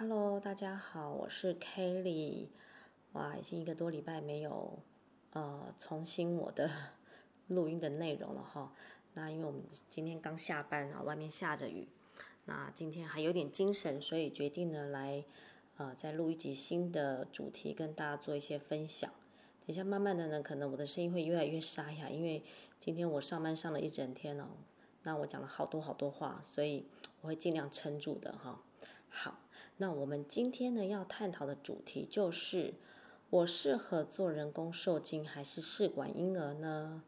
Hello，大家好，我是 Kelly。哇，已經一個多禮拜沒有呃，重新我的錄音的內容了哈。那因為我們今天剛下班啊，外面下着雨，那今天還有點精神，所以決定呢來呃，再錄一集新的主題，跟大家做一些分享。等一下，慢慢的呢，可能我的聲音會越來越沙啞，因為今天我上班上了一整天哦，那我講了好多好多話，所以我會盡量撐住的哈。好，那我們今天呢，要探討的主題就是，我適合做人工受精還是試管嬰兒呢？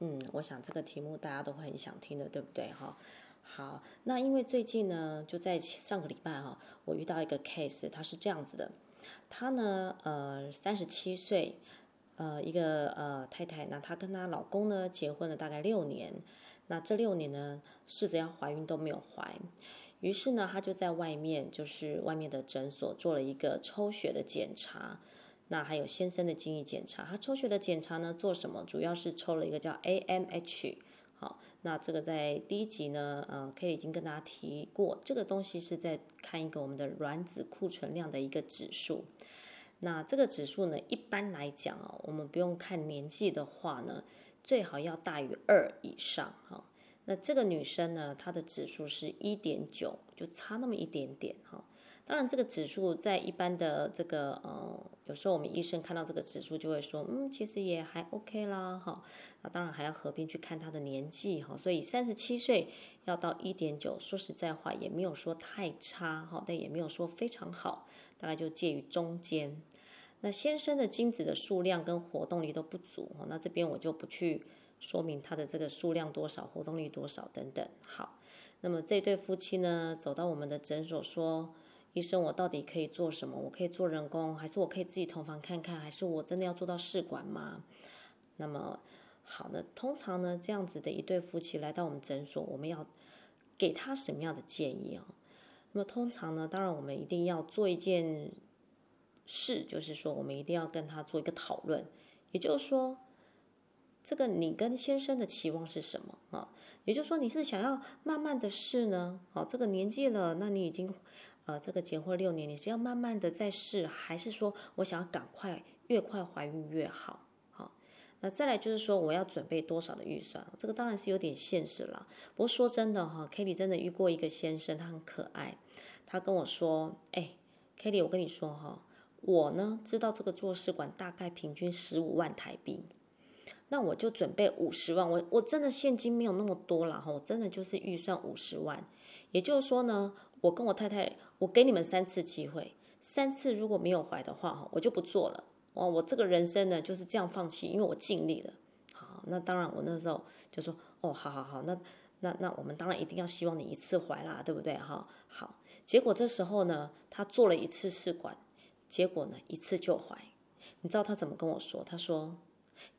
嗯，我想這個題目大家都會很想聽的，對不對？哈，好，那因為最近呢，就在上個禮拜哈，啊，我遇到一個 case，她是這樣子的，她呢，呃，三十七歲，呃，一個呃太太，那她跟她老公呢結婚了大概六年，那這六年呢試着要懷孕都沒有懷。於是呢，他就在外面，就是外面的診所做了一個抽血的檢查，那還有先生的精液檢查。他抽血的檢查呢，做什麼？主要是抽了一個叫 AMH。好，那這個在第一集呢，呃、可 K 已經跟大家提過，這個東西是在看一個我們的卵子庫存量的一個指數。那這個指數呢，一般來講啊、哦，我們不用看年紀的話呢，最好要大於二以上，哈。那這個女生呢，她的指數是1.9，就差那麼一點點哈。當然，這個指數在一般的這個呃、嗯，有時候我們醫生看到這個指數就會說，嗯，其實也還 OK 啦哈。那當然還要合併去看她的年紀哈，所以三十七歲要到1.9，說實在話也沒有說太差哈，但也沒有說非常好，大概就介於中間。那先生的精子的數量跟活動力都不足哈，那這邊我就不去。說明他的這個數量多少，活動力多少等等。好，那麼這對夫妻呢，走到我們的診所說：“醫生，我到底可以做什麼？我可以做人工，還是我可以自己同房看看，還是我真的要做到試管嗎？”那麼，好的，通常呢，這樣子的一對夫妻來到我們診所，我們要給他什麼樣的建議啊、哦？那麼，通常呢，當然我們一定要做一件事，就是說，我們一定要跟他做一個討論，也就是說。這個你跟先生的期望是什麼啊？也就是說，你是想要慢慢的試呢？哦，這個年紀了，那你已經，呃，這個結婚六年，你是要慢慢的再試，還是說我想要趕快越快懷孕越好？好，那再來就是說，我要準備多少的預算？這個當然是有點現實了。不過說真的哈，Kitty 真的遇過一個先生，他很可愛，他跟我說：“哎，Kitty，我跟你說哈，我呢知道這個做試管大概平均十五萬台幣。”那我就準備五十萬，我我真的現金沒有那麼多了哈，我真的就是預算五十萬。也就是說呢，我跟我太太，我給你們三次機會，三次如果沒有懷的話哈，我就不做了。哇，我這個人生呢就是這樣放棄，因為我盡力了。好，那當然我那時候就說，哦，好好好，那那那我們當然一定要希望你一次懷啦，對不對哈？好，結果這時候呢，他做了一次試管，結果呢一次就懷。你知道他怎麼跟我說？他說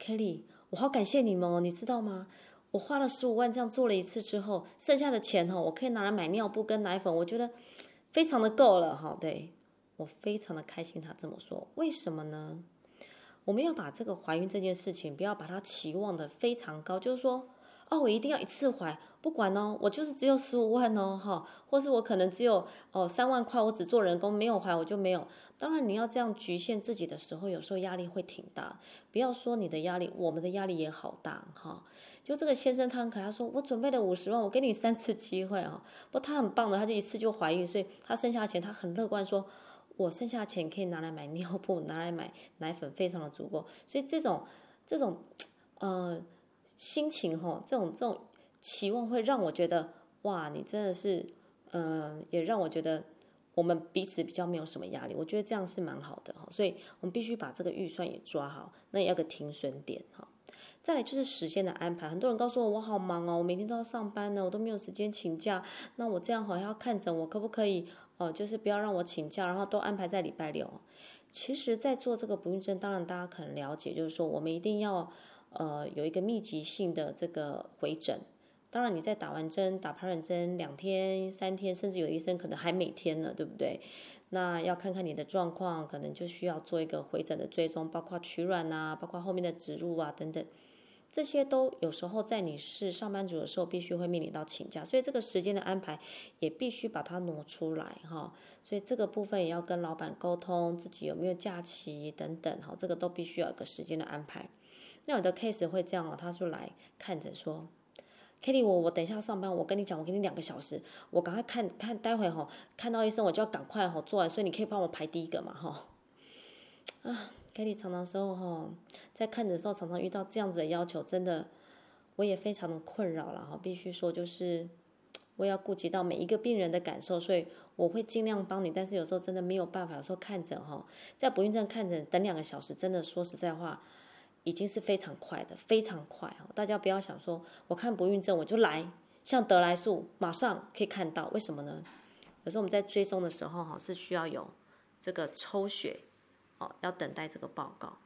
，Kelly。我好感謝你們哦，你知道嗎？我花了十五萬這樣做了一次之後，剩下的錢哈，我可以拿來買尿布跟奶粉，我覺得非常的夠了哈。對我非常的開心，他這麼說，為什麼呢？我們要把這個懷孕這件事情，不要把它期望的非常高，就是說，哦，我一定要一次懷。不管哦，我就是只有十五萬哦，哈、哦，或是我可能只有哦呃，三萬塊，我只做人工沒有懷，我就沒有。當然，你要這樣局限自己的時候，有時候壓力會挺大。不要說你的壓力，我們的壓力也好大哈、哦。就這個先生他很可愛，他說，我準備了五十萬，我給你三次機會啊、哦。不，他很棒的，他就一次就懷孕，所以他剩下錢他很樂觀說，說我剩下錢可以拿來買尿布，拿來買奶粉，非常的足夠。所以這種這種呃心情哈，這種哦、這種。這種期望會讓我覺得哇，你真的是，嗯、呃，也讓我覺得我們彼此比較沒有什麼壓力，我覺得這樣是蠻好的，所以我們必須把這個預算也抓好，那也要個停損點哈、哦。再來就是時間的安排，很多人告訴我我好忙哦，我每天都要上班呢、哦，我都沒有時間請假。那我這樣好像要看診，我可不可以哦、呃？就是不要讓我請假，然後都安排在禮拜六。其實，在做這個不孕症，當然大家可能了解，就是說我們一定要呃有一個密集性的這個回診。當然，你在打完針、打排卵針兩天，三天，甚至有醫生可能還每天呢，對不對？那要看看你的狀況，可能就需要做一個回診的追蹤，包括取卵啊，包括後面的植入啊等等，這些都有時候在你是上班族的時候，必須會面臨到請假，所以這個時間的安排也必須把它挪出來哈、哦。所以這個部分也要跟老闆溝通，自己有沒有假期等等哈、哦，這個都必須要有個時間的安排。那有的 case 會這樣哦，他就來看診說。Kelly，我我等一下上班，我跟你講，我給你兩個小時，我趕快看看，待會吼看到醫生我就要趕快吼做完，所以你可以幫我排第一個嘛，哈、啊。啊，Kelly，常常時候吼在看診的時候常常遇到這樣子的要求，真的我也非常的困擾了哈。必須說就是我要顧及到每一個病人的感受，所以我會盡量幫你，但是有時候真的沒有辦法說看診哈，在不孕症看診等兩個小時，真的說實在話。已經是非常快的，非常快哈！大家不要想說，我看不孕症我就來，像得來速馬上可以看到，為什麼呢？可是我們在追蹤的時候哈，是需要有這個抽血，哦，要等待這個報告。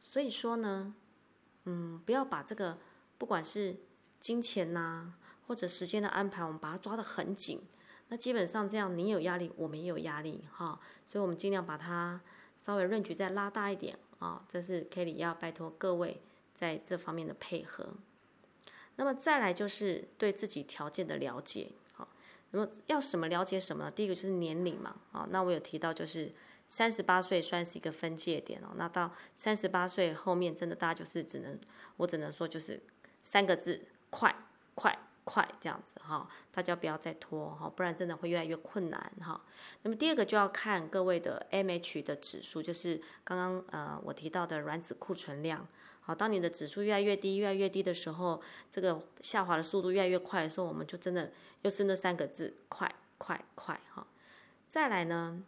所以說呢，嗯，不要把這個不管是金錢吶、啊、或者時間的安排，我們把它抓得很緊，那基本上這樣你有壓力，我們也有壓力哈、哦，所以我們盡量把它稍微間距再拉大一點。啊，這是 Kelly 要拜託各位在這方面的配合。那麼再來就是對自己條件的了解，好，那麼要什麼了解什麼呢？第一個就是年齡嘛，啊，那我有提到就是三十八歲算是一個分界點哦，那到三十八歲後面，真的大家就是只能，我只能說就是三個字，快快。快，這樣子哈，大家不要再拖哈，不然真的會越來越困難哈。那麼第二個就要看各位的 AMH 的指數，就是剛剛呃我提到的卵子庫存量。好，當你的指數越來越低、越來越低的時候，這個下滑的速度越來越快的時候，我們就真的又是那三個字，快、快、快哈。再來呢，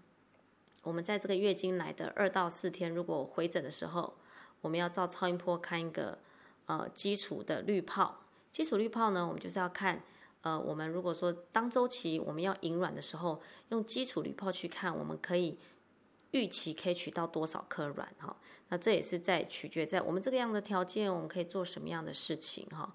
我們在這個月經來的二到四天，如果回診的時候，我們要照超音波看一個呃基礎的濾泡。基礎濾泡呢，我們就是要看，呃，我們如果說當周期我們要引卵的時候，用基礎濾泡去看，我們可以預期可以取到多少顆卵哈、哦。那這也是在取決在我們這個樣的條件，我們可以做什麼樣的事情哈、哦。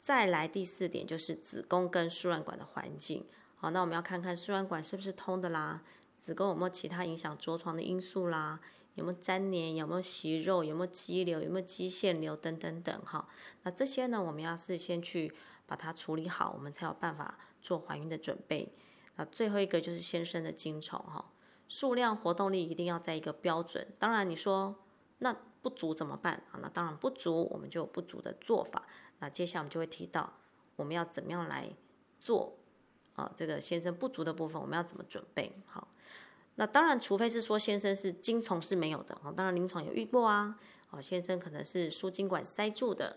再來第四點就是子宮跟輸卵管的環境，好，那我們要看看輸卵管是不是通的啦，子宮有沒有其他影響着床的因素啦。有沒有沾黏？有沒有息肉？有沒有肌瘤？有沒有肌腺瘤？等等等，哈、哦。那這些呢，我們要事先去把它處理好，我們才有辦法做懷孕的準備。那最後一個就是先生的精蟲，哈、哦，數量、活動力一定要在一個標準。當然，你說那不足怎麼辦？啊、哦，那當然不足，我們就有不足的做法。那接下來我們就會提到，我們要怎麼樣來做啊、哦？這個先生不足的部分，我們要怎麼準備？好、哦。那當然，除非是說先生是精蟲是沒有的哦。當然臨床有遇過啊，先生可能是輸精管塞住的，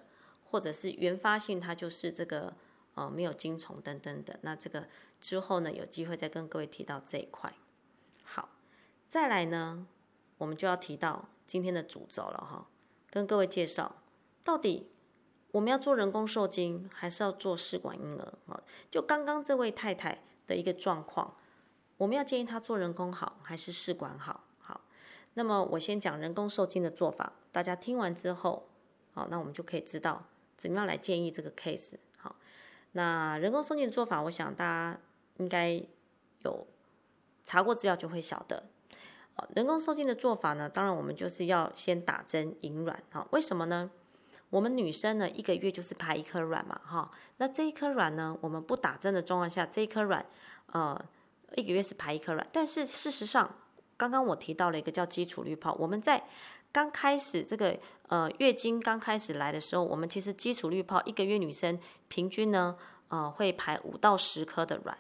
或者是原發性他就是這個呃沒有精蟲等等的。那這個之後呢，有機會再跟各位提到這一塊。好，再來呢，我們就要提到今天的主軸了哈，跟各位介紹到底我們要做人工受精還是要做試管嬰兒啊？就剛剛這位太太的一個狀況。我們要建議他做人工好還是試管好？好，那麼我先講人工受精的做法，大家聽完之後，好，那我們就可以知道怎麼樣來建議這個 case。好，那人工受精的做法，我想大家應該有查過資料就會曉得。好，人工受精的做法呢，當然我們就是要先打針引卵。好，為什麼呢？我們女生呢，一個月就是排一顆卵嘛。哈，那這一顆卵呢，我們不打針的狀況下，這一顆卵，呃。一個月是排一顆卵，但是事實上，剛剛我提到了一個叫基礎濾泡。我們在剛開始這個呃月經剛開始來的時候，我們其實基礎濾泡一個月女生平均呢呃會排五到十顆的卵，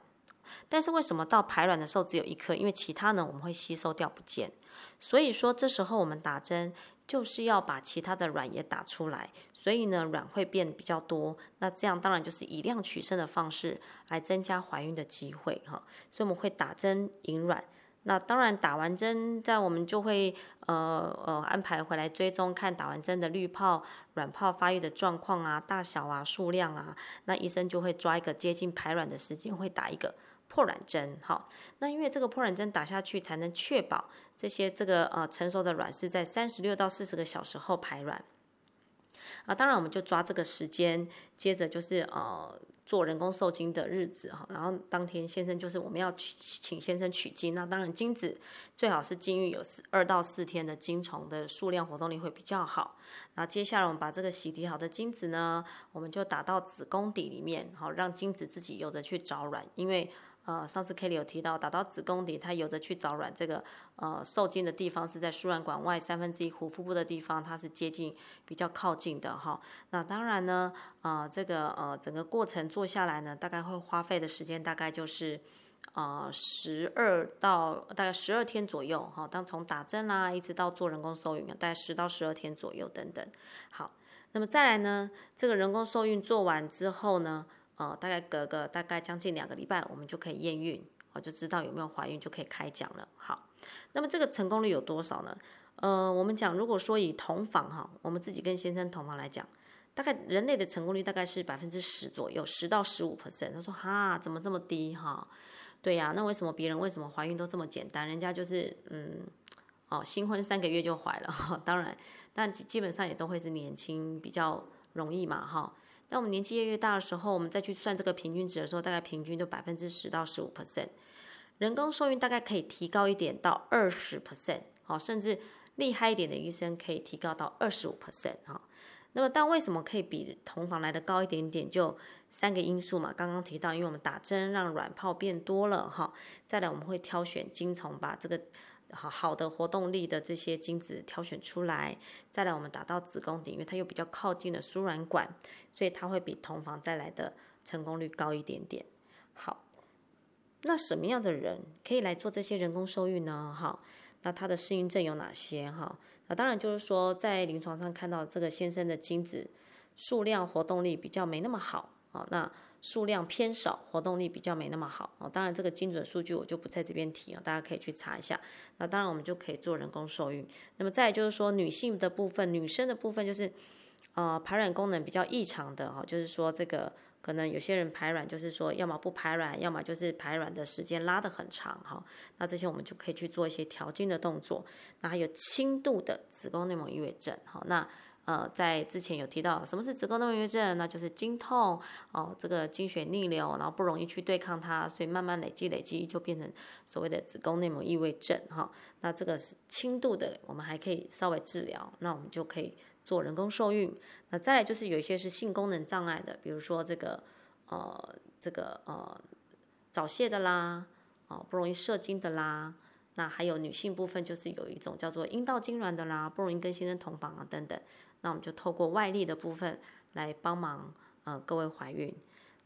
但是為什麼到排卵的時候只有一顆？因為其他呢我們會吸收掉不見，所以說這時候我們打針。就是要把其他的卵也打出來，所以呢，卵會變比較多。那這樣當然就是以量取勝的方式來增加懷孕的機會哈。所以我們會打針引卵。那當然打完針，在我們就會呃呃安排回來追蹤，看打完針的濾泡、卵泡發育的狀況啊、大小啊、數量啊。那醫生就會抓一個接近排卵的時間，會打一個。破卵針，好，那因為這個破卵針打下去，才能確保這些這個呃成熟的卵是在三十六到四十個小時後排卵啊，當然我們就抓這個時間，接着就是呃做人工受精的日子哈，然後當天先生就是我們要請先生取精，那當然精子最好是禁慾有二到四天的精蟲的數量活動力會比較好，那接下來我們把這個洗滌好的精子呢，我們就打到子宮底裡面，好讓精子自己游著去找卵，因為。呃，上次 K 裡有提到打到子宮底，它有的去找卵，這個呃受精的地方是在輸卵管外三分之一壺腹部的地方，它是接近比較靠近的哈、哦。那當然呢，呃這個呃整個過程做下來呢，大概會花費的時間大概就是呃十二到大概十二天左右哈、哦。當從打針啦、啊，一直到做人工受孕，大概十到十二天左右等等。好，那麼再來呢，這個人工受孕做完之後呢？哦、大概隔個大概將近兩個禮拜，我們就可以驗孕，我就知道有沒有懷孕，就可以開獎了。好，那麼這個成功率有多少呢？呃，我們講，如果說以同房哈、哦，我們自己跟先生同房來講，大概人類的成功率大概是百分之十左右，十到十五 percent。他說哈，怎麼這麼低哈、哦？對呀、啊，那為什麼別人為什麼懷孕都這麼簡單？人家就是嗯，哦，新婚三個月就懷了、哦，當然，但基本上也都會是年輕比較容易嘛哈。哦那我們年紀越、越大的時候，我們再去算這個平均值的時候，大概平均就百分之十到十五 percent，人工受孕大概可以提高一點到二十 percent 哈，甚至厲害一點的醫生可以提高到二十五 percent 哈。那麼，但為什麼可以比同房來的高一點點？就三個因素嘛，剛剛提到，因為我們打針讓卵泡變多了哈，再來我們會挑選精蟲把這個。好好的活動力的這些精子挑選出來，再來我們打到子宮底，因為它又比較靠近的輸卵管，所以它會比同房帶來的成功率高一點點。好，那什麼樣的人可以來做這些人工受孕呢？哈，那他的適應症有哪些？哈，那當然就是說在臨床上看到這個先生的精子數量、活動力比較沒那麼好啊，那。數量偏少，活動力比較沒那麼好哦。當然，這個精準數據我就不在這邊提了，哦，大家可以去查一下。那當然，我們就可以做人工受孕。那麼再就是說，女性的部分，女生的部分就是，呃，排卵功能比較異常的哈，哦，就是說這個可能有些人排卵就是說，要麼不排卵，要麼就是排卵的時間拉得很長哈。哦。那這些我們就可以去做一些調經的動作。那還有輕度的子宮內膜異位症哈，哦，那。呃，在之前有提到什麼是子宮內膜異位症呢？那就是經痛哦、呃，這個經血逆流，然後不容易去對抗它，所以慢慢累積累積就變成所謂的子宮內膜異位症哈、哦。那這個是輕度的，我們還可以稍微治療，那我們就可以做人工受孕。那再來就是有一些是性功能障礙的，比如說這個呃這個呃早洩的啦，哦、呃、不容易射精的啦，那還有女性部分就是有一種叫做陰道痙攣的啦，不容易跟先生同房啊等等。那我們就透過外力的部分來幫忙，呃，各位懷孕。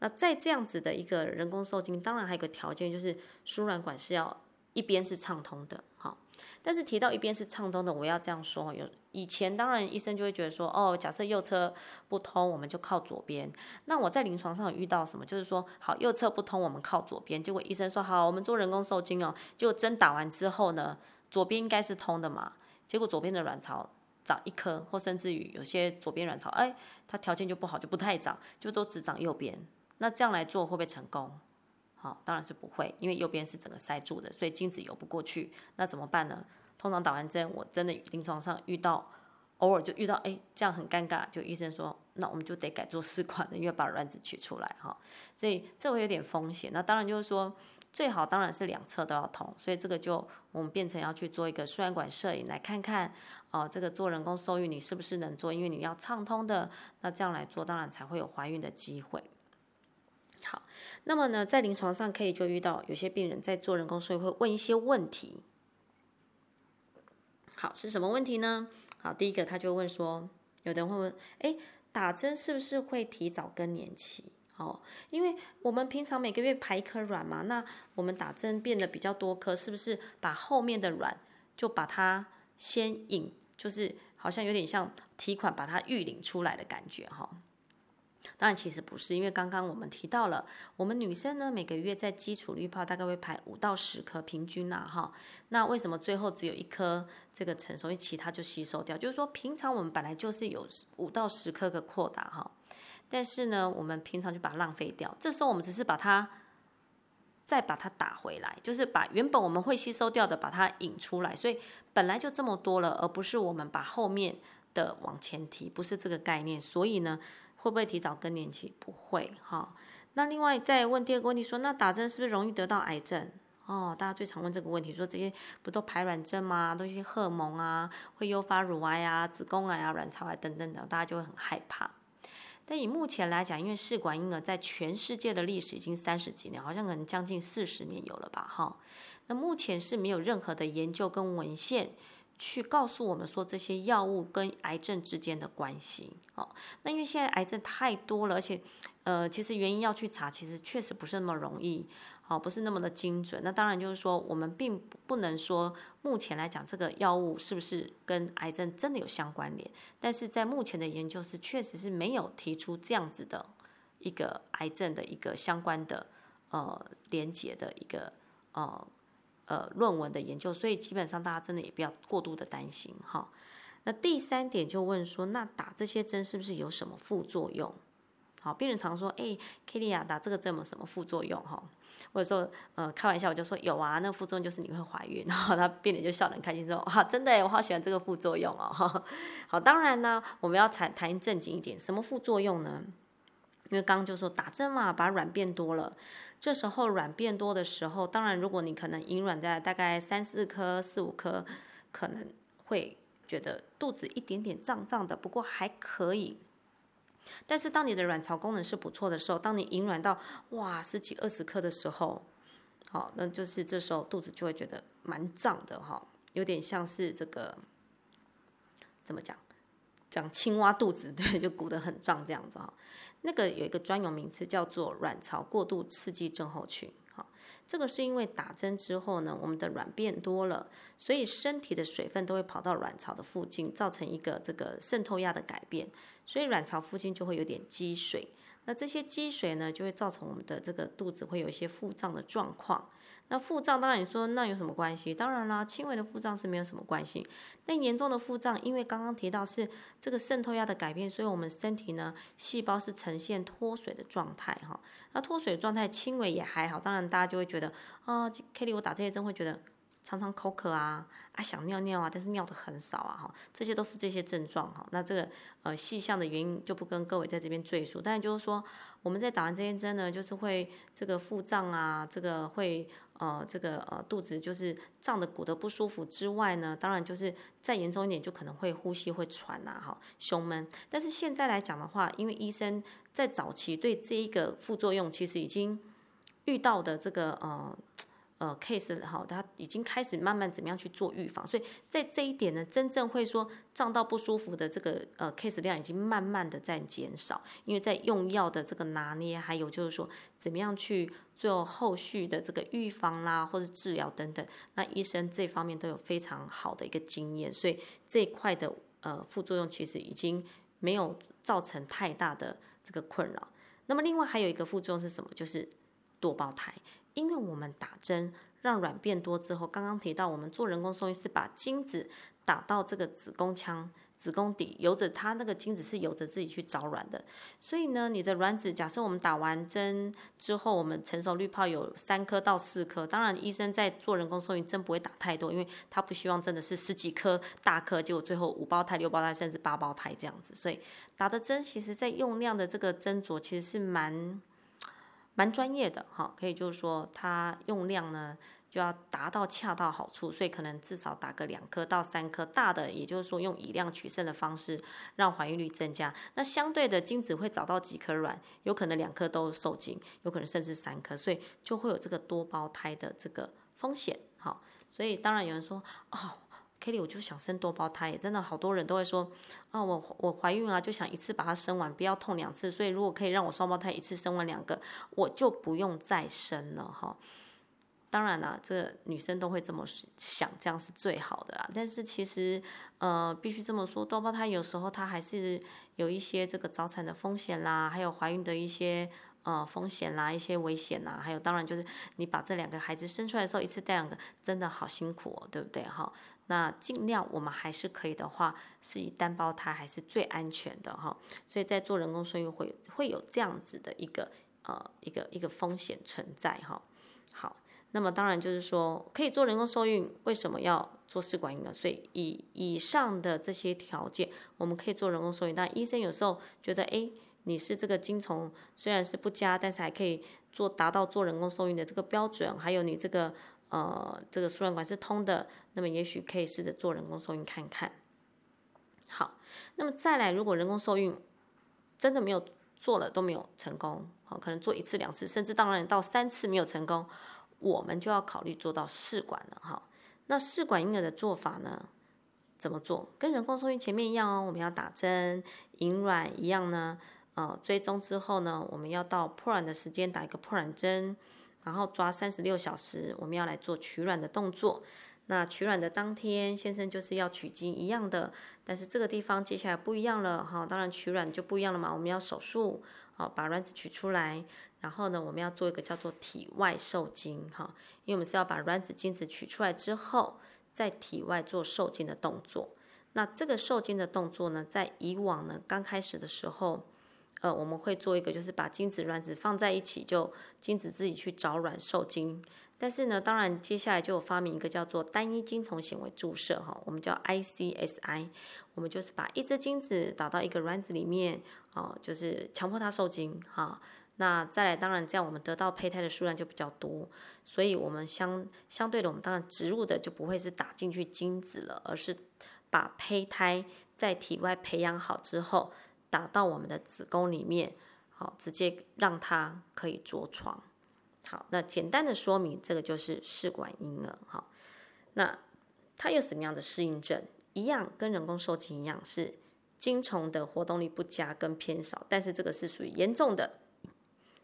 那在這樣子的一個人工受精，當然還有個條件就是輸卵管是要一邊是暢通的，哈，但是提到一邊是暢通的，我要這樣說，有以前當然醫生就會覺得說，哦，假設右側不通，我們就靠左邊。那我在臨床上遇到什麼，就是說，好，右側不通，我們靠左邊。結果醫生說，好，我們做人工受精哦，結果針打完之後呢，左邊應該是通的嘛，結果左邊的卵巢。長一顆，或甚至於有些左邊卵巢，哎，它條件就不好，就不太長，就都只長右邊。那這樣來做會不會成功？好、哦，當然是不會，因為右邊是整個塞住的，所以精子游不過去。那怎麼辦呢？通常打完針，我真的臨床上遇到，偶爾就遇到，哎，這樣很尷尬，就醫生說，那我們就得改做試管了，因為把卵子取出來哈、哦。所以這會有點風險。那當然就是說。最好當然是兩側都要通，所以這個就我們變成要去做一個輸卵管攝影，來看看哦、呃，這個做人工受孕你是不是能做，因為你要暢通的，那這樣來做當然才會有懷孕的機會。好，那麼呢，在臨床上可以就遇到有些病人在做人工受孕會問一些問題。好，是什麼問題呢？好，第一個他就問說，有的人會問，誒，打針是不是會提早更年期？哦，因為我們平常每個月排一顆卵嘛，那我們打針變得比較多顆，是不是把後面的卵就把它先引，就是好像有點像提款把它預領出來的感覺哈、哦？當然其實不是，因為剛剛我們提到了，我們女生呢，每個月在基礎濾泡大概會排五到十顆平均吶、啊、哈、哦，那為什麼最後只有一顆這個成熟，因為其他就吸收掉？就是說平常我們本來就是有五到十顆的擴大哈。哦但是呢，我們平常就把它浪費掉。這時候我們只是把它，再把它打回來，就是把原本我們會吸收掉的，把它引出來。所以本來就這麼多了，而不是我們把後面的往前提，不是這個概念。所以呢，會不會提早更年期？不會哈、哦。那另外再問第二個問題，說那打針是不是容易得到癌症？哦，大家最常問這個問題，說這些不都排卵針嗎？都一些荷爾蒙啊，會誘發乳癌啊、子宮癌啊、卵巢癌等等的，大家就會很害怕。但以目前來講，因為試管嬰兒在全世界的歷史已經三十幾年，好像可能將近四十年有了吧，哈。那目前是沒有任何的研究跟文獻。去告訴我們說這些藥物跟癌症之間的關係，哦，那因為現在癌症太多了，而且，呃，其實原因要去查，其實確實不是那麼容易，哦，不是那麼的精準。那當然就是說，我們並不能說目前來講這個藥物是不是跟癌症真的有相關聯，但是在目前的研究是確實是沒有提出這樣子的一個癌症的一個相關的呃連接的一個呃。呃，論文的研究，所以基本上大家真的也不要過度的擔心哈、哦。那第三點就問說，那打這些針是不是有什麼副作用？好，病人常說，哎、欸、，Kelly、啊、打這個針有沒有什麼副作用哈？或、哦、者說，呃，開玩笑我就說有啊，那副作用就是你會懷孕。然後他病人就笑得很開心說，哇，真的，我好喜歡這個副作用哦呵呵。好，當然呢，我們要談談正經一點，什麼副作用呢？因為剛剛就說打針嘛，把卵變多了。這時候卵變多的時候，當然如果你可能引卵在大概三四顆、四五顆，可能會覺得肚子一點點脹脹的，不過還可以。但是當你的卵巢功能是不錯的時候，當你引卵到哇十幾二十顆的時候，好，那就是這時候肚子就會覺得蠻脹的哈，有點像是這個怎麼講，講青蛙肚子對，就鼓得很脹這樣子哈。那個有一個專有名詞叫做卵巢過度刺激症候群，好，這個是因為打針之後呢，我們的卵變多了，所以身體的水分都會跑到卵巢的附近，造成一個這個滲透壓的改變，所以卵巢附近就會有點積水，那這些積水呢，就會造成我們的這個肚子會有一些腹脹的狀況。那腹脹，當然你說那有什麼關係？當然啦，輕微的腹脹是沒有什麼關係。那嚴重的腹脹，因為剛剛提到的是這個滲透壓的改變，所以我們身體呢細胞是呈現脫水的狀態哈。那脫水狀態，輕微也還好。當然大家就會覺得啊凱莉我打這些針會覺得常常口渴啊，啊想尿尿啊，但是尿得很少啊哈，這些都是這些症狀哈。那這個呃細項的原因就不跟各位在這邊贅述，但是就是說我們在打完這些針呢，就是會這個腹脹啊，這個會。呃，這個呃，肚子就是脹的鼓的不舒服之外呢，當然就是再嚴重一點，就可能會呼吸會喘吶、啊，哈、哦，胸悶。但是現在來講的話，因為醫生在早期對這一個副作用其實已經遇到的這個呃。呃，case 好，他已經開始慢慢怎麼樣去做預防，所以在這一點呢，真正會說脹到不舒服的這個呃 case 量已經慢慢的在減少，因為在用藥的這個拿捏，還有就是說怎麼樣去做後續的這個預防啦，或是治療等等，那醫生這方面都有非常好的一個經驗，所以這一塊的呃副作用其實已經沒有造成太大的這個困擾。那麼另外還有一個副作用是什麼？就是多胞胎。因為我們打針讓卵變多之後，剛剛提到我們做人工受精是把精子打到這個子宮腔、子宮底，由着它那個精子是由着自己去找卵的。所以呢，你的卵子，假設我們打完針之後，我們成熟濾泡有三顆到四顆。當然，醫生在做人工受精針不會打太多，因為他不希望真的是十幾顆大顆，結果最後五胞胎、六胞胎甚至八胞胎這樣子。所以打的針，其實在用量的這個斟酌，其實是蠻蠻專業的哈，可以就是說它用量呢，就要達到恰到好處，所以可能至少打個兩顆到三顆大的，也就是說用以量取勝的方式讓懷孕率增加。那相對的，精子會找到幾顆卵，有可能兩顆都受精，有可能甚至三顆，所以就會有這個多胞胎的這個風險。哈，所以當然有人說哦。Kelly，我就想生多胞胎，真的好多人都會說，啊，我我懷孕啊，就想一次把它生完，不要痛兩次。所以如果可以讓我雙胞胎一次生完兩個，我就不用再生了哈。當然啦，這個女生都會這麼想，這樣是最好的啦。但是其實，呃，必須這麼說，多胞胎有時候它還是有一些這個早產的風險啦，還有懷孕的一些呃風險啦，一些危險吶，還有當然就是你把這兩個孩子生出來的時候，一次帶兩個，真的好辛苦哦，對不對哈？那盡量我們還是可以的話，是以單胞胎還是最安全的哈，所以在做人工受孕會會有這樣子的一個呃一個一個風險存在哈。好，那麼當然就是說可以做人工受孕，為什麼要做試管嬰兒？所以以以上的這些條件，我們可以做人工受孕，但醫生有時候覺得，哎，你是這個精蟲雖然是不佳，但是還可以做達到做人工受孕的這個標準，還有你這個。呃，這個輸卵管是通的，那麼也許可以試着做人工受孕看看。好，那麼再來，如果人工受孕真的沒有做了都沒有成功，好，可能做一次兩次，甚至當然到三次沒有成功，我們就要考慮做到試管了。好，那試管嬰兒的做法呢？怎麼做？跟人工受孕前面一樣哦，我們要打針引卵一樣呢。呃，追蹤之後呢，我們要到破卵的時間打一個破卵針。然後抓三十六小時，我們要來做取卵的動作。那取卵的當天，先生就是要取精一樣的，但是這個地方接下來不一樣了哈。當然取卵就不一樣了嘛，我們要手術，好把卵子取出來，然後呢，我們要做一個叫做體外受精哈，因為我們是要把卵子、精子取出來之後，在體外做受精的動作。那這個受精的動作呢，在以往呢，剛開始的時候。呃，我們會做一個，就是把精子卵子放在一起，就精子自己去找卵受精。但是呢，當然接下來就有發明一個叫做單一精蟲顯微注射哈、哦，我們叫 ICSI，我們就是把一隻精子打到一個卵子裡面，啊、哦，就是強迫它受精哈、哦。那再來，當然這樣我們得到胚胎的數量就比較多，所以我們相相對的，我們當然植入的就不會是打進去精子了，而是把胚胎在體外培養好之後。打到我們的子宮裡面，好，直接讓它可以着床。好，那簡單的說明，這個就是試管嬰兒。好，那它有什麼樣的適應症？一樣跟人工受精一樣，是精蟲的活動力不佳跟偏少，但是這個是屬於嚴重的，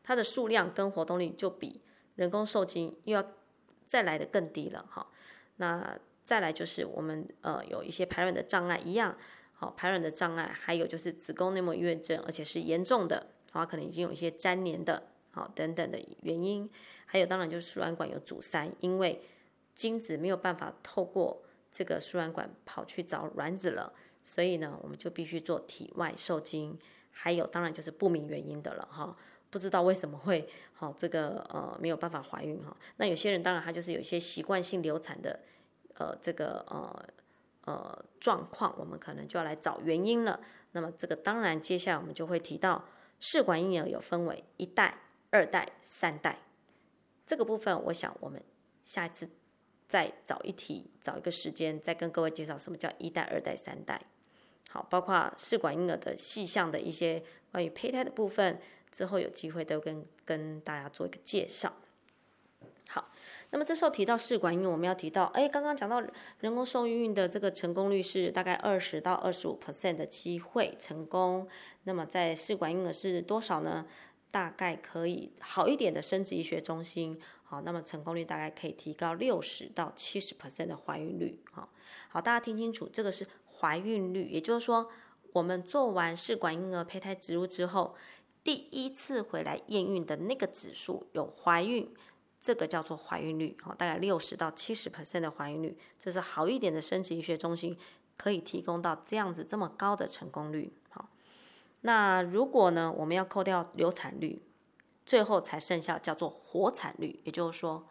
它的數量跟活動力就比人工受精又要再來得更低了。哈，那再來就是我們呃有一些排卵的障礙一樣。好，排卵的障礙，還有就是子宮內膜異位症，而且是嚴重的，它可能已經有一些粘連的，好等等的原因，還有當然就是輸卵管有阻塞，因為精子沒有辦法透過這個輸卵管跑去找卵子了，所以呢，我們就必須做體外受精。還有當然就是不明原因的了哈，不知道為什麼會好這個呃沒有辦法懷孕哈。那有些人當然他就是有一些習慣性流產的，呃這個呃。呃，狀況我們可能就要來找原因了。那麼這個當然，接下來我們就會提到試管嬰兒有分為一代、二代、三代。這個部分，我想我們下一次再找一題，找一個時間再跟各位介紹什麼叫一代、二代、三代。好，包括試管嬰兒的細項的一些關於胚胎的部分，之後有機會都跟跟大家做一個介紹。那麼這時候提到試管嬰兒，我們要提到哎，剛剛講到人工受孕的這個成功率是大概二十到二十五 percent 的機會成功。那麼在試管嬰兒是多少呢？大概可以好一點的生殖醫學中心，好，那麼成功率大概可以提高六十到七十 percent 的懷孕率。好，好，大家聽清楚，這個是懷孕率，也就是說我們做完試管嬰兒胚胎植入之後，第一次回來驗孕的那個指數有懷孕。這個叫做懷孕率，大概六十到七十 percent 的懷孕率，這是好一點的生殖醫學中心可以提供到這樣子這麼高的成功率。好，那如果呢，我們要扣掉流產率，最後才剩下叫做活產率。也就是說，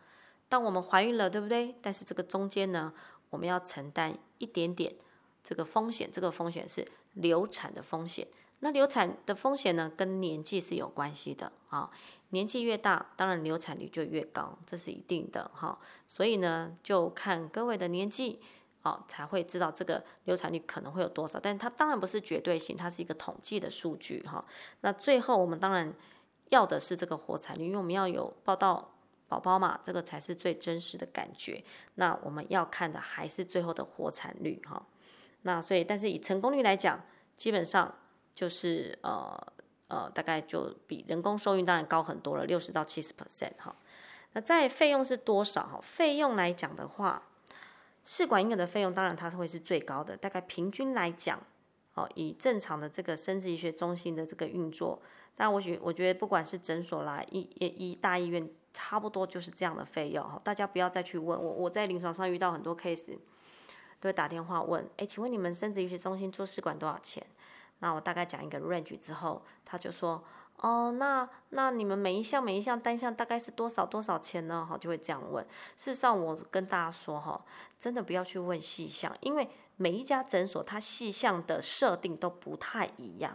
當我們懷孕了，對不對？但是這個中間呢，我們要承擔一點點這個風險，這個風險是流產的風險。那流產的風險呢，跟年紀是有關係的啊。年紀越大，當然流產率就越高，這是一定的哈、哦。所以呢，就看各位的年紀啊、哦，才會知道這個流產率可能會有多少。但它當然不是絕對性，它是一個統計的數據哈、哦。那最後我們當然要的是這個活產率，因為我們要有抱到寶寶嘛，這個才是最真實的感覺。那我們要看的還是最後的活產率哈、哦。那所以，但是以成功率來講，基本上就是呃。呃，大概就比人工受孕，當然高很多了，六十到七十 percent 哈。那在費用是多少？哈、哦，費用來講的話，試管嬰兒的費用當然它是會是最高的，大概平均來講，哦，以正常的這個生殖醫學中心的這個運作，但我覺我覺得不管是診所啦，醫醫大醫院，差不多就是這樣的費用哈。大家不要再去問我，我在臨床上遇到很多 case，都會打電話問，哎、欸，請問你們生殖醫學中心做試管多少錢？那我大概講一個 range 之後，他就說，哦，那那你們每一項每一項單項大概是多少多少錢呢？哈、哦，就會這樣問。事實上，我跟大家說，哈、哦，真的不要去問細項，因為每一家診所它細項的設定都不太一樣。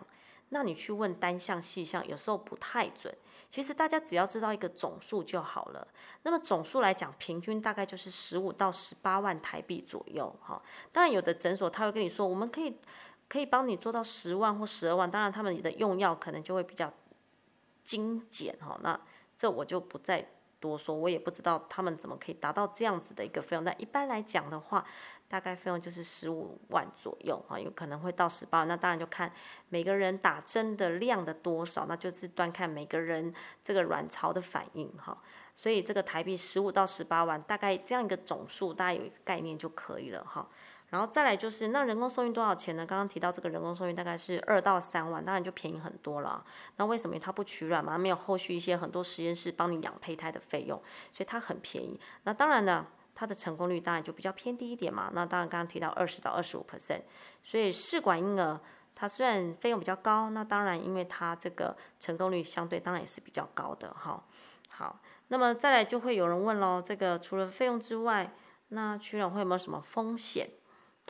那你去問單項細項，有時候不太準。其實大家只要知道一個總數就好了。那麼總數來講，平均大概就是十五到十八萬台幣左右，哈、哦。當然，有的診所他會跟你說，我們可以。可以幫你做到十萬或十二萬，當然他們的用藥可能就會比較精簡哈，那這我就不再多說，我也不知道他們怎麼可以達到這樣子的一個費用。那一般來講的話，大概費用就是十五萬左右哈，有可能會到十八萬，那當然就看每個人打針的量的多少，那就是端看每個人這個卵巢的反應哈。所以這個台幣十五到十八萬，大概這樣一個總數，大家有一個概念就可以了哈。然後再來就是，那人工受孕多少錢呢？剛剛提到這個人工受孕大概是二到三萬，當然就便宜很多了啊。那為什麼為它不取卵嘛？它沒有後續一些很多實驗室幫你養胚胎的費用，所以它很便宜。那當然呢，它的成功率當然就比較偏低一點嘛。那當然剛剛提到二十到二十五 percent，所以試管嬰兒它雖然費用比較高，那當然因為它這個成功率相對當然也是比較高的哈。好，那麼再來就會有人問嘍，這個除了費用之外，那取卵會有沒有什麼風險？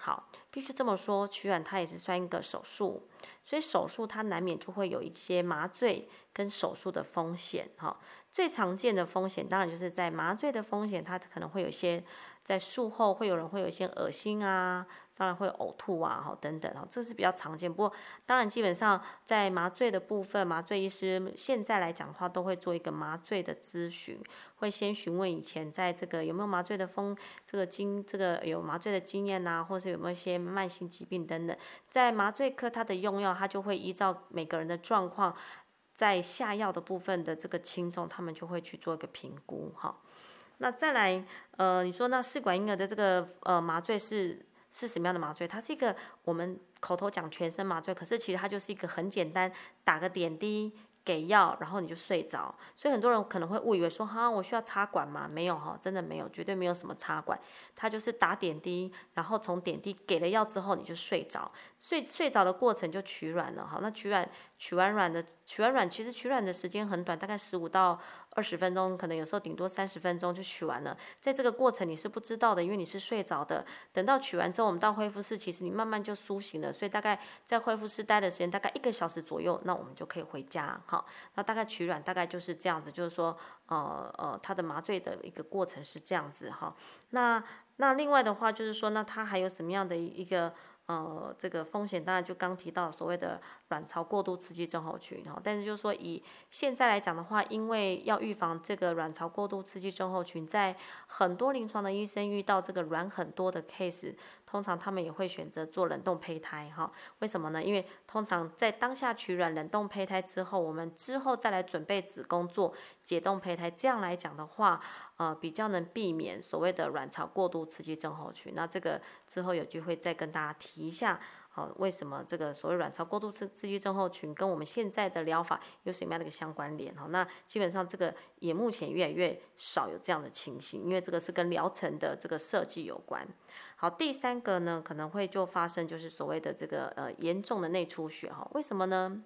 好，必須這麼說，取卵它也是算一個手術，所以手術它難免就會有一些麻醉。跟手術的風險哈，最常見的風險當然就是在麻醉的風險，它可能會有些在術後會有人會有一些噁心啊，當然會嘔吐啊，哈等等，哈，這是比較常見。不過當然基本上在麻醉的部分，麻醉醫師現在來講的話，都會做一個麻醉的諮詢，會先詢問以前在這個有沒有麻醉的風這個經這個有麻醉的經驗啊，或是有沒有一些慢性疾病等等，在麻醉科它的用藥，它就會依照每個人的狀況。在下藥的部分的這個輕重，他們就會去做一個評估哈。那再來，呃，你說那試管嬰兒的這個呃麻醉是是什麼樣的麻醉？它是一個我們口頭講全身麻醉，可是其實它就是一個很簡單，打個點滴。給藥，然後你就睡着，所以很多人可能會誤以為說，哈，我需要插管嗎？沒有哈、哦，真的沒有，絕對沒有什麼插管，他就是打點滴，然後從點滴給了藥之後，你就睡着，睡睡着的過程就取卵了哈。那取卵取完卵的取完卵，其實取卵的時間很短，大概十五到。二十分鐘，可能有時候頂多三十分鐘就取完了。在這個過程你是不知道的，因為你是睡着的。等到取完之後，我們到恢復室，其實你慢慢就蘇醒了。所以大概在恢復室待的時間大概一個小時左右，那我們就可以回家。好，那大概取卵大概就是這樣子，就是說，呃呃，它的麻醉的一個過程是這樣子哈。那那另外的話就是說，那它還有什麼樣的一個呃這個風險？當然就剛提到所謂的。卵巢過度刺激症候群，哈，但是就是說以現在來講的話，因為要預防這個卵巢過度刺激症候群，在很多臨床的醫生遇到這個卵很多的 case，通常他們也會選擇做冷凍胚胎，哈，為什麼呢？因為通常在當下取卵冷凍胚胎之後，我們之後再來準備子宮做解凍胚胎，這樣來講的話，呃，比較能避免所謂的卵巢過度刺激症候群。那這個之後有機會再跟大家提一下。為什麼這個所謂卵巢過度刺刺激症候群跟我們現在的療法有什麼樣的一個相關聯？哈，那基本上這個也目前越來越少有這樣的情形，因為這個是跟療程的這個設計有關。好，第三個呢，可能會就發生就是所謂的這個呃嚴重的內出血哈，為什麼呢？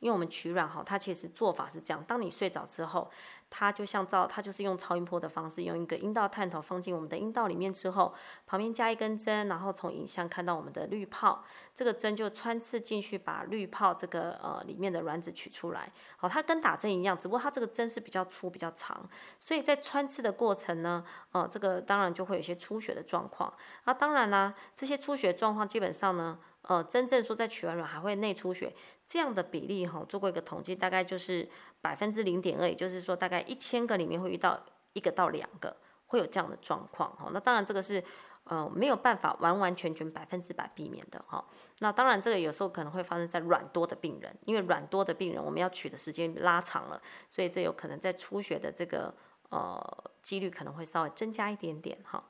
因為我們取卵哈，它其實做法是這樣：當你睡着之後，它就像照，它就是用超音波的方式，用一個陰道探頭放進我們的陰道裡面之後，旁邊加一根針，然後從影像看到我們的濾泡，這個針就穿刺進去，把濾泡這個呃裡面的卵子取出來。好、哦，它跟打針一樣，只不過它這個針是比較粗、比較長，所以在穿刺的過程呢，呃，這個當然就會有些出血的狀況。那、啊、當然啦，這些出血狀況基本上呢。呃，真正說在取完卵還會內出血這樣的比例哈、哦，做過一個統計，大概就是百分之零點二，也就是說大概一千個裡面會遇到一個到兩個會有這樣的狀況哈、哦。那當然這個是呃沒有辦法完完全全百分之百避免的哈、哦。那當然這個有時候可能會發生在卵多的病人，因為卵多的病人我們要取的時間拉長了，所以這有可能在出血的這個呃幾率可能會稍微增加一點點哈。哦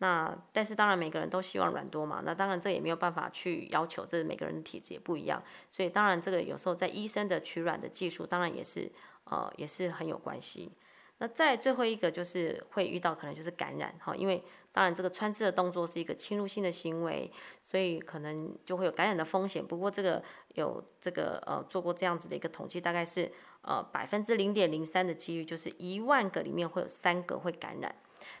那，但是當然，每個人都希望卵多嘛。那當然，這也沒有辦法去要求，這每個人的體質也不一樣。所以，當然這個有時候在醫生的取卵的技術，當然也是，呃，也是很有關係。那再最後一個就是會遇到可能就是感染哈，因為當然這個穿刺的動作是一個侵入性的行為，所以可能就會有感染的風險。不過這個有這個呃做過這樣子的一個統計，大概是呃百分之零點零三的幾率，就是一萬個裡面會有三個會感染。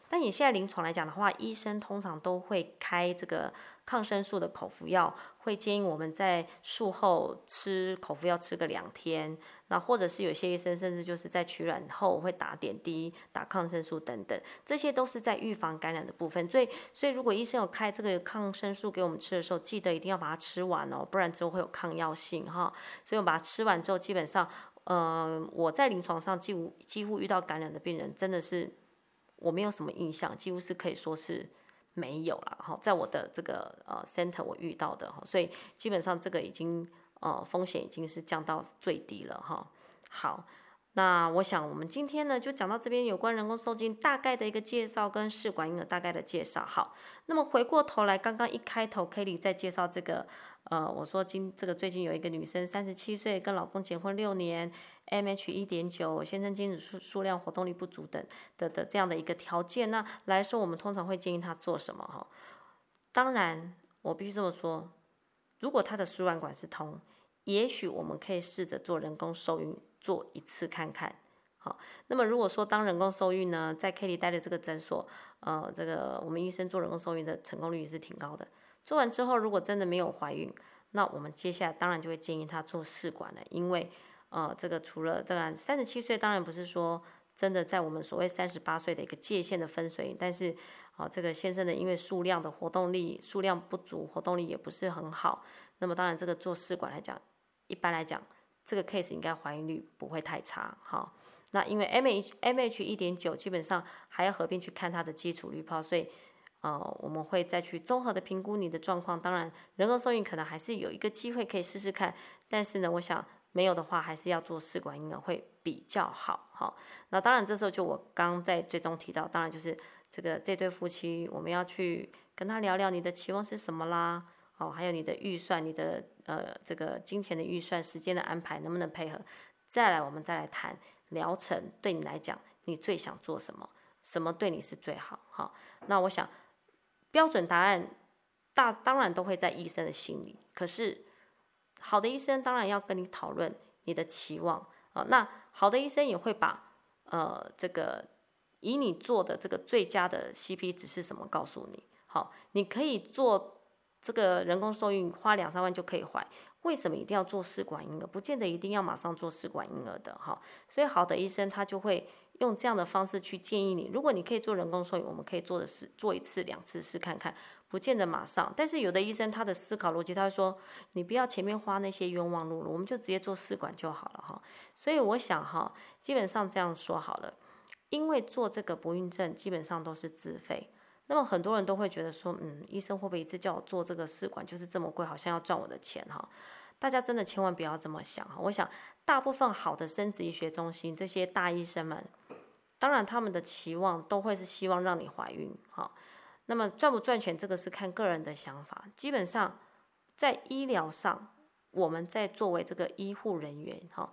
但以現在臨床來講的話，醫生通常都會開這個抗生素的口服藥，會建議我們在術後吃口服藥吃個兩天。那或者是有些醫生甚至就是在取卵後會打點滴、打抗生素等等，這些都是在預防感染的部分。所以，所以如果醫生有開這個抗生素給我們吃的時候，記得一定要把它吃完哦，不然之後會有抗藥性哈。所以我把它吃完之後，基本上，嗯、呃，我在臨床上幾乎幾乎遇到感染的病人，真的是。我沒有什麼印象，幾乎是可以說是沒有了哈，在我的這個呃 center 我遇到的哈，所以基本上這個已經呃風險已經是降到最低了哈。好，那我想我們今天呢就講到這邊，有關人工受精大概的一個介紹跟試管嬰兒大概的介紹。好，那麼回過頭來，剛剛一開頭 Kelly 在介紹這個。呃，我說今這個最近有一個女生，三十七歲，跟老公結婚六年，M H 一點九，先生精子數數量、活動力不足等的、的這樣的一個條件，那來說我們通常會建議她做什麼哈、哦？當然，我必須這麼說，如果她的輸卵管是通，也許我們可以試着做人工受孕，做一次看看。好、哦，那麼如果說當人工受孕呢，在 Kelly 待的這個診所，呃，這個我們醫生做人工受孕的成功率也是挺高的。做完之後，如果真的沒有懷孕，那我們接下來當然就會建議她做試管了。因為，呃，這個除了當然三十七歲，當然不是說真的在我們所謂三十八歲的一個界限的分水嶺。但是，啊、呃，這個先生的因為數量的活動力數量不足，活動力也不是很好。那麼當然，這個做試管來講，一般來講，這個 case 應該懷孕率不會太差。哈，那因為 M H M H 一點九，基本上還要合併去看他的基礎濾泡，所以。呃，我們會再去綜合的評估你的狀況。當然，人工受孕可能還是有一個機會可以試試看。但是呢，我想沒有的話，還是要做試管嬰兒會比較好哈、哦。那當然，這時候就我剛在最終提到，當然就是這個這對夫妻，我們要去跟他聊聊你的期望是什麼啦。哦，還有你的預算，你的呃這個金錢的預算，時間的安排能不能配合？再來，我們再來談療程，對你來講，你最想做什麼？什麼對你是最好哈、哦？那我想。標準答案大當然都會在醫生的心裡，可是好的醫生當然要跟你討論你的期望啊、哦。那好的醫生也會把呃這個以你做的這個最佳的 CP 值是什麼告訴你。好、哦，你可以做這個人工受孕，花兩三萬就可以懷，為什麼一定要做試管嬰兒？不見得一定要馬上做試管嬰兒的哈、哦。所以好的醫生他就會。用這樣的方式去建議你，如果你可以做人工受孕，我們可以做的是，做一次、兩次試看看，不見得馬上。但是有的醫生他的思考邏輯，他會說你不要前面花那些冤枉路了，我們就直接做試管就好了哈。所以我想哈，基本上這樣說好了，因為做這個不孕症基本上都是自費，那麼很多人都會覺得說，嗯，醫生會不會一次叫我做這個試管就是這麼貴，好像要賺我的錢哈？大家真的千萬不要這麼想哈。我想大部分好的生殖醫學中心這些大醫生們。當然，他們的期望都會是希望讓你懷孕哈。那麼賺不賺錢，這個是看個人的想法。基本上，在醫療上，我們在作為這個醫護人員哈，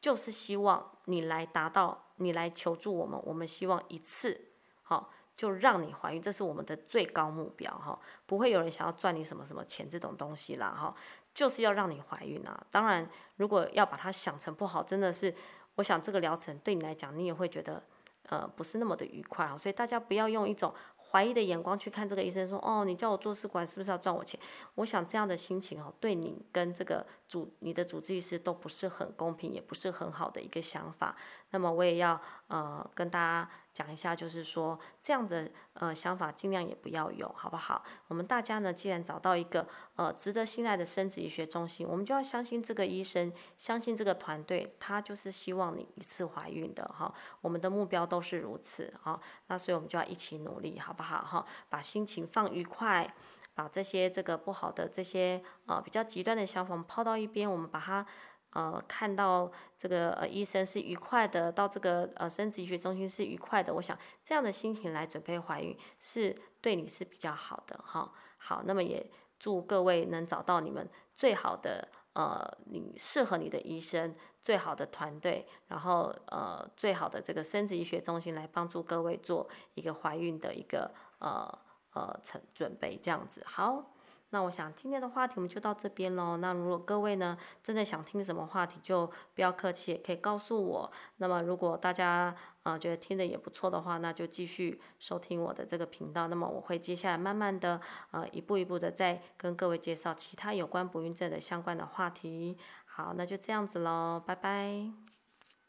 就是希望你來達到，你來求助我們，我們希望一次好就讓你懷孕，這是我們的最高目標哈。不會有人想要賺你什麼什麼錢這種東西啦哈，就是要讓你懷孕啊。當然，如果要把它想成不好，真的是。我想這個療程對你來講，你也會覺得，呃，不是那麼的愉快哈。所以大家不要用一種懷疑的眼光去看這個醫生，說哦，你叫我做試管是不是要賺我錢？我想這樣的心情哦，對你跟這個主你的主治醫師都不是很公平，也不是很好的一個想法。那麼我也要。呃，跟大家講一下，就是說這樣的呃想法，盡量也不要有，好不好？我們大家呢，既然找到一個呃值得信賴的生殖醫學中心，我們就要相信這個醫生，相信這個團隊，他就是希望你一次懷孕的哈。我們的目標都是如此哈，那所以我們就要一起努力，好不好哈？把心情放愉快，把這些這個不好的這些呃比較極端的想法，我們拋到一邊，我們把它。呃，看到這個呃醫生是愉快的，到這個呃生殖醫學中心是愉快的，我想這樣的心情來準備懷孕是對你是比較好的哈、哦。好，那麼也祝各位能找到你們最好的呃你適合你的醫生，最好的團隊，然後呃最好的這個生殖醫學中心來幫助各位做一個懷孕的一個呃呃成，準備，這樣子好。那我想今天的話題我們就到這邊嘍。那如果各位呢真的想聽什麼話題，就不要客氣，也可以告訴我。那麼如果大家呃覺得聽得也不錯的話，那就繼續收聽我的這個頻道。那麼我會接下來慢慢的呃一步一步的再跟各位介紹其他有關不孕症的相關的話題。好，那就這樣子嘍，拜拜。